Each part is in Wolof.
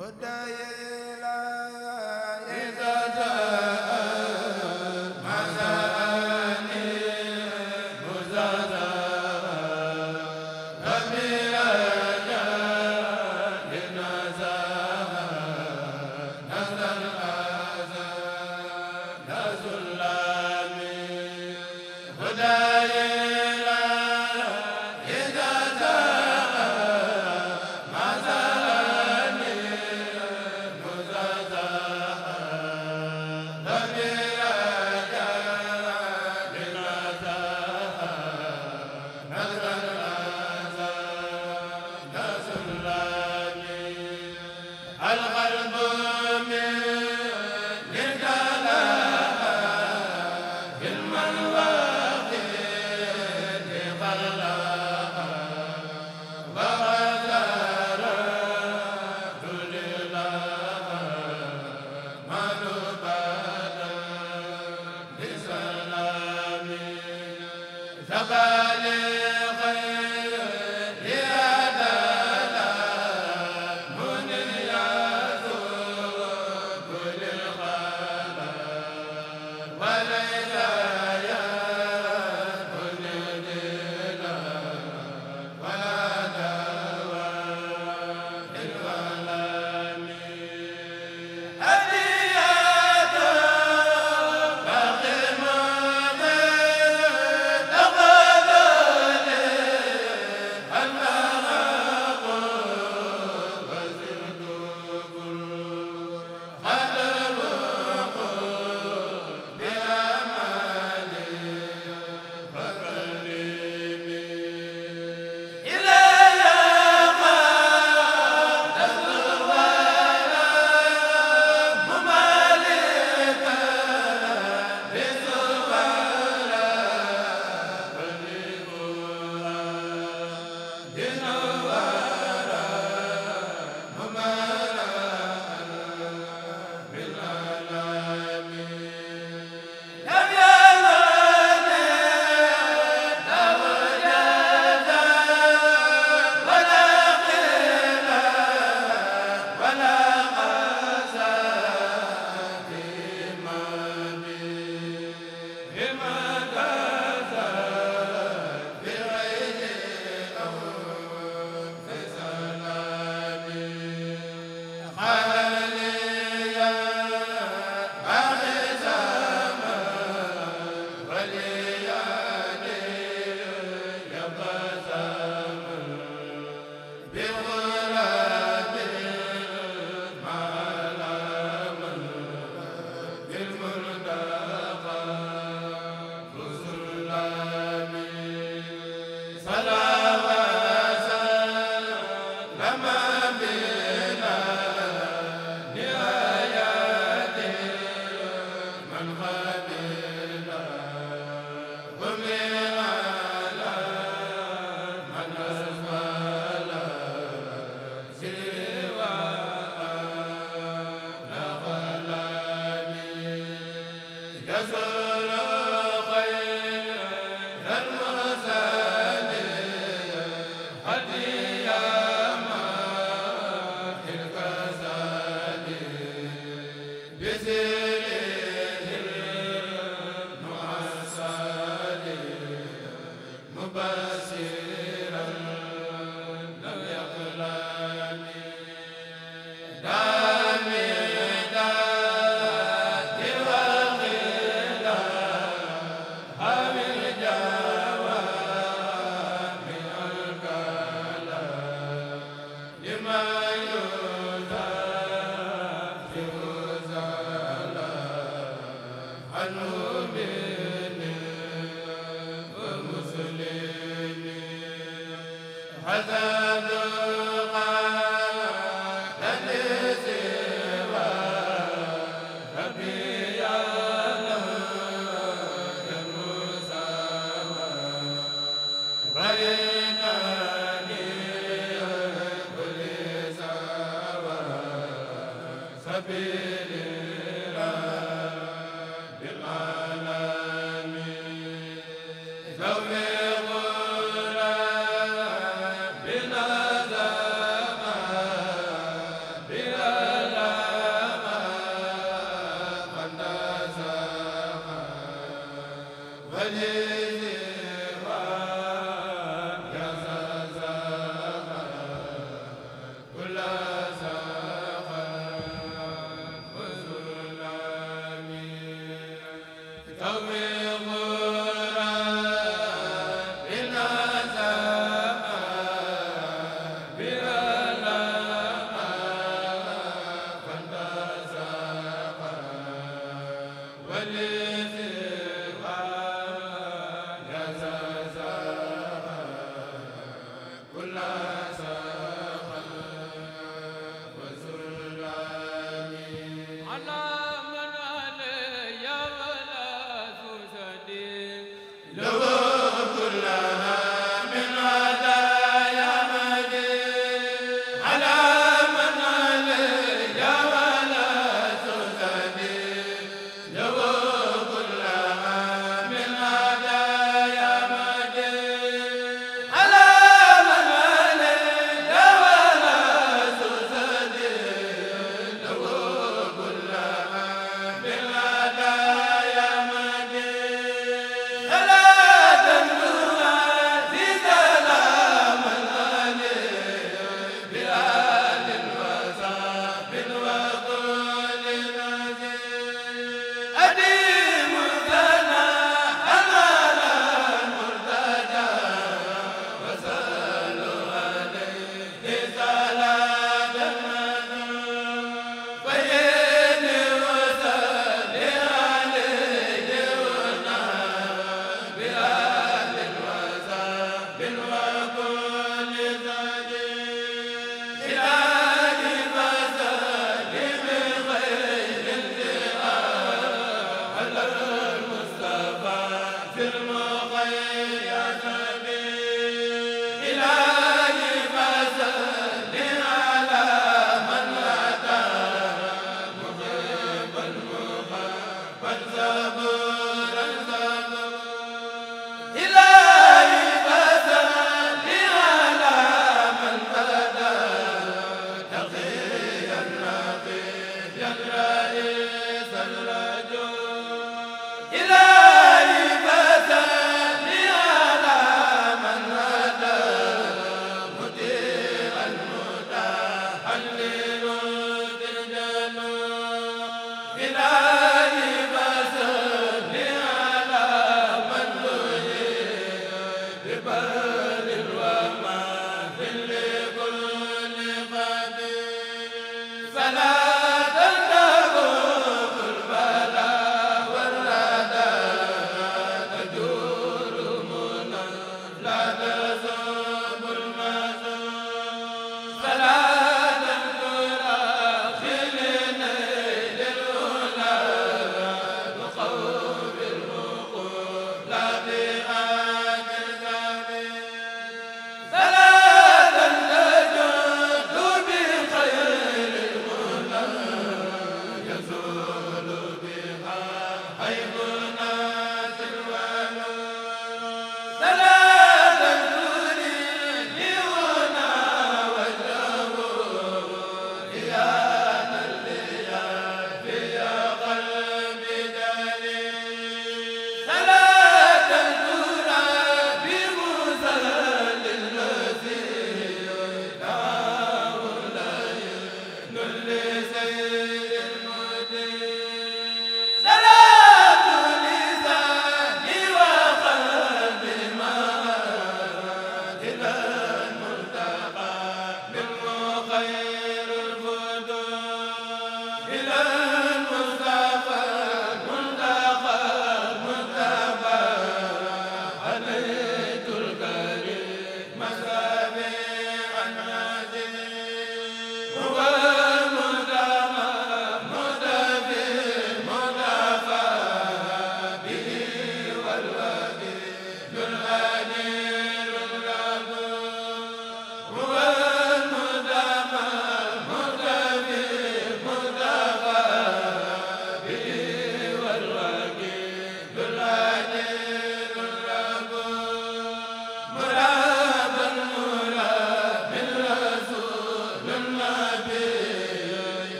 هدايا ila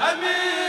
amiin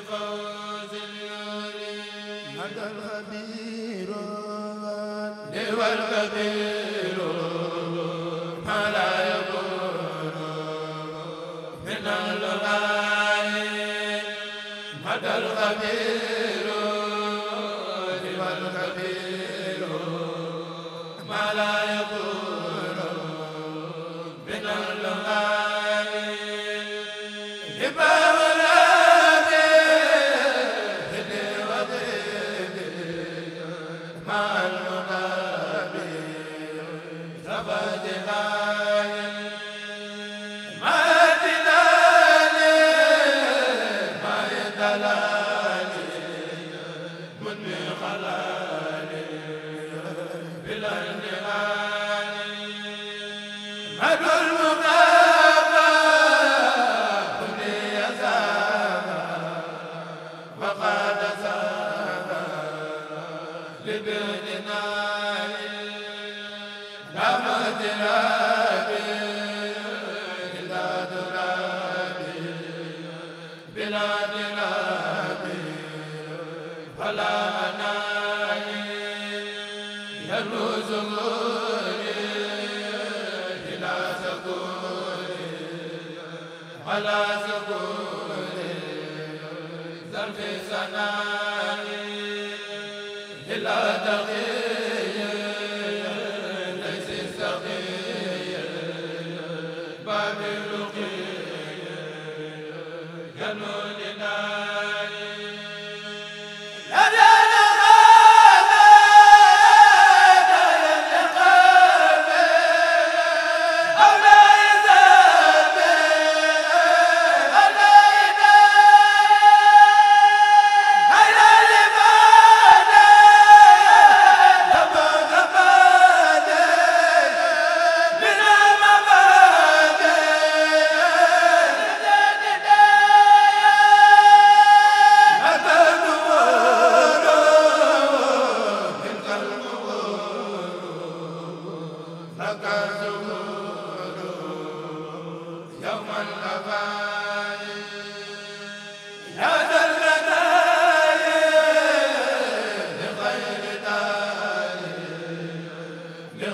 الخبير na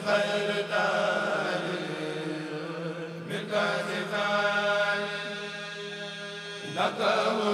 la